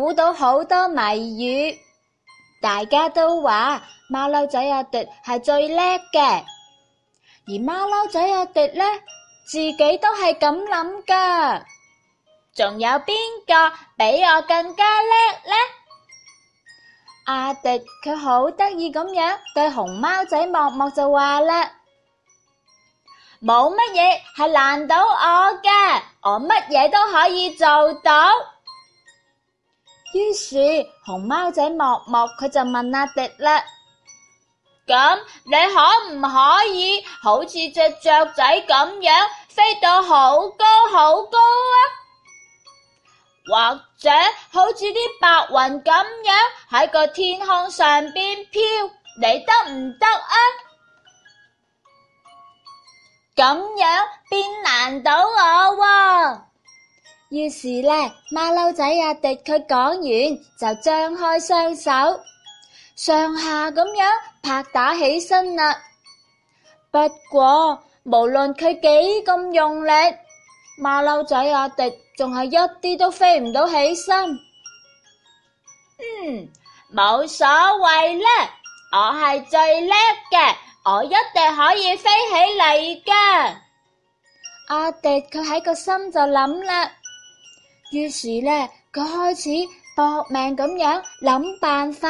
估到好多謎語，大家都話馬騮仔阿迪係最叻嘅，而馬騮仔阿迪呢，自己都係咁諗噶。仲有邊個比我更加叻呢？阿迪佢好得意咁樣對熊貓仔默默就話啦：冇乜嘢係難到我嘅，我乜嘢都可以做到。於是熊貓仔默默佢就問阿迪啦：咁你可唔可以好似隻雀仔咁樣飛到好高好高啊？或者好似啲白雲咁樣喺個天空上邊飄，你得唔得啊？咁樣邊難倒我啊？於是呢，馬騮仔阿迪佢講完，完就張開雙手上下咁樣拍打起身啦。不過無論佢幾咁用力，馬騮仔阿迪仲係一啲都飛唔到起身。嗯，冇所謂叻，我係最叻嘅，我一定可以飛起嚟噶。阿迪佢喺個心就諗啦。於是呢，佢開始搏命咁樣諗辦法。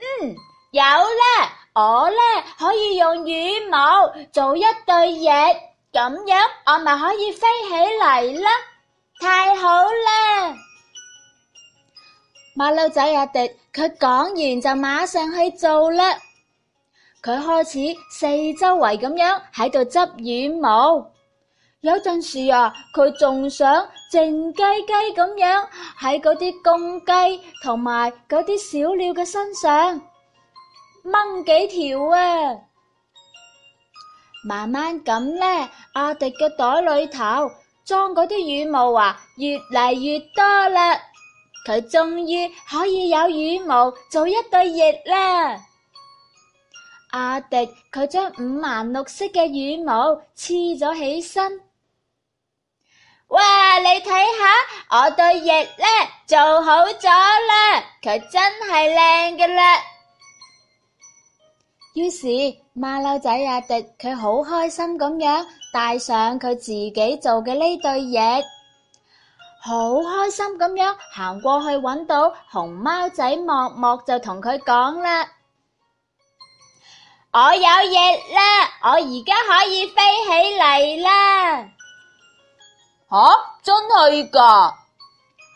嗯，有啦，我咧可以用羽毛做一對翼，咁樣我咪可以飛起嚟啦！太好啦，馬騮仔阿迪，佢講完就馬上去做啦。佢開始四周圍咁樣喺度執羽毛。有陣時啊，佢仲想靜雞雞咁樣喺嗰啲公雞同埋嗰啲小鳥嘅身上掹幾條啊，慢慢咁呢，阿迪嘅袋裏頭裝嗰啲羽毛啊，越嚟越多啦，佢終於可以有羽毛做一對翼啦。阿迪佢將五顏六色嘅羽毛黐咗起身。哇！你睇下我對翼咧，做好咗啦，佢真係靚嘅啦。於是馬騮仔阿迪佢好開心咁樣帶上佢自己做嘅呢對翼，好開心咁樣行過去到，搵到熊貓仔莫莫就同佢講啦：我有翼啦，我而家可以飛起嚟啦！吓、啊！真係噶！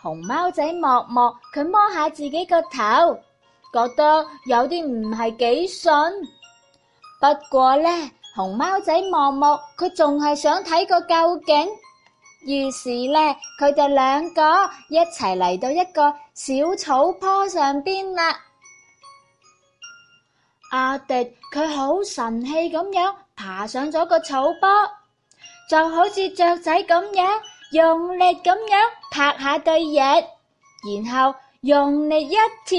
熊貓仔默默佢摸下自己個頭，覺得有啲唔係幾順。不過呢，熊貓仔默默佢仲係想睇個究竟。於是呢，佢哋兩個一齊嚟到一個小草坡上邊啦。阿、啊、迪佢好神氣咁樣爬上咗個草坡。就好似雀仔咁樣，用力咁樣拍下對翼，然後用力一跳，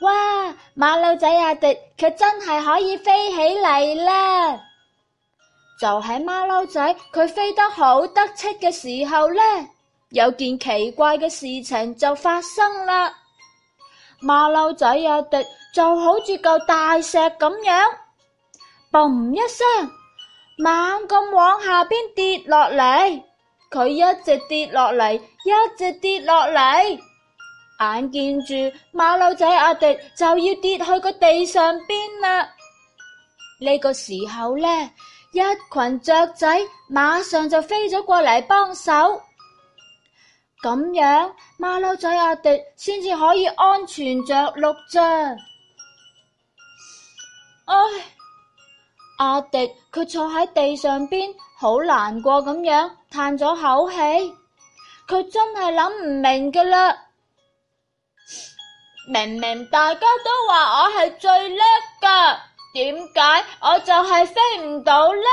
哇！馬騮仔阿迪佢真係可以飛起嚟啦！就喺馬騮仔佢飛得好得戚嘅時候呢，有件奇怪嘅事情就發生啦。馬騮仔阿迪就好似嚿大石咁樣，嘣一聲。猛咁往下邊跌落嚟，佢一直跌落嚟，一直跌落嚟，眼見住馬騮仔阿迪就要跌去個地上邊啦。呢個時候呢，一群雀仔馬上就飛咗過嚟幫手，咁樣馬騮仔阿迪先至可以安全着陸啫。唉。阿迪佢坐喺地上邊，好難過咁樣嘆咗口氣，佢真係諗唔明㗎喇，明明大家都話我係最叻㗎，點解我就係飛唔到呢？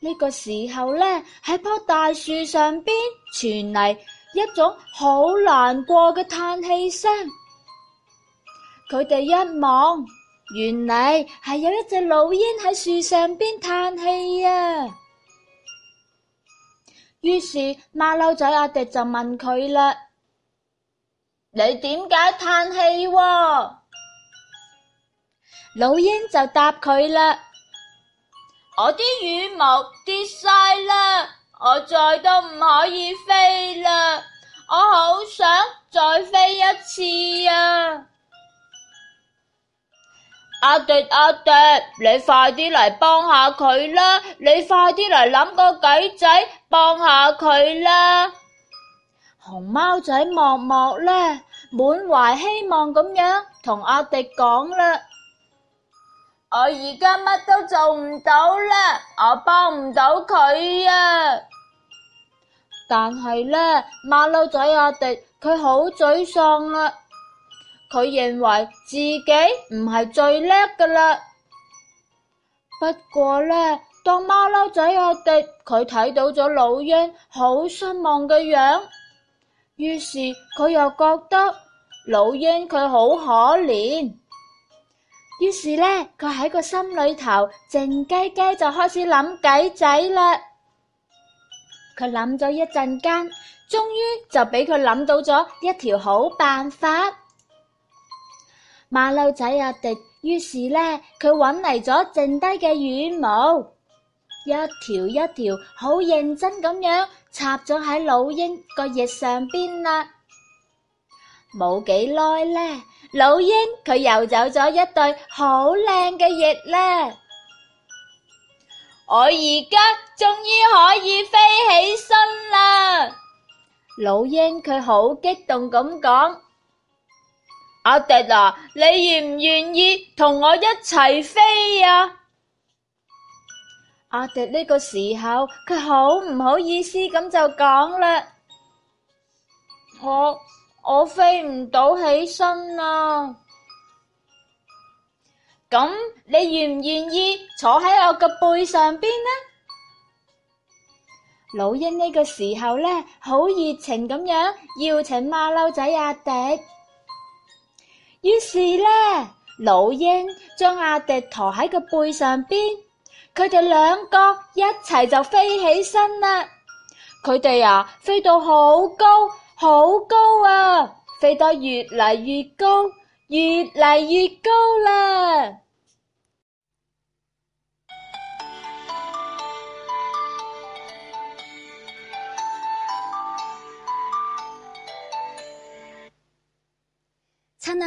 呢個時候呢，喺棵大樹上邊傳嚟一種好難過嘅嘆氣聲，佢哋一望。原來係有一隻老鷹喺樹上邊嘆氣啊！於是馬騮仔阿迪就問佢啦：你點解嘆氣啊？老鷹就答佢啦：我啲羽毛跌晒啦，我再都唔可以飛啦，我好想再飛一次啊！阿迪，阿迪，你快啲嚟幫下佢啦！你快啲嚟諗個計仔，幫下佢啦！熊貓仔默默咧，滿懷希望咁樣同阿迪講啦：我而家乜都做唔到啦，我幫唔到佢啊！但係咧，馬騮仔阿迪佢好沮喪啦。佢認為自己唔係最叻㗎啦。不過呢，當馬騮仔阿迪佢睇到咗老鷹好失望嘅樣，於是佢又覺得老鷹佢好可憐。於是呢，佢喺個心裏頭靜雞雞就開始諗計仔啦。佢諗咗一陣間，終於就俾佢諗到咗一條好辦法。馬騮仔阿、啊、迪，於是呢，佢搵嚟咗剩低嘅羽毛，一條一條好認真咁樣插咗喺老鷹個翼上邊啦。冇幾耐呢，老鷹佢又走咗一對好靚嘅翼咧。我而家終於可以飛起身啦！老鷹佢好激動咁講。阿迪啊，你願唔願意同我一齊飛呀、啊？阿迪呢個時候佢好唔好意思咁就講啦，我我飛唔到起身啊！咁、嗯、你願唔願意坐喺我個背上邊呢？老鷹呢個時候呢，好熱情咁樣邀請馬騮仔阿迪。於是呢，老鷹將阿迪馱喺個背上邊，佢哋兩個一齊就飛起身啦。佢哋啊，飛到好高好高啊，飛得越嚟越高，越嚟越高啦。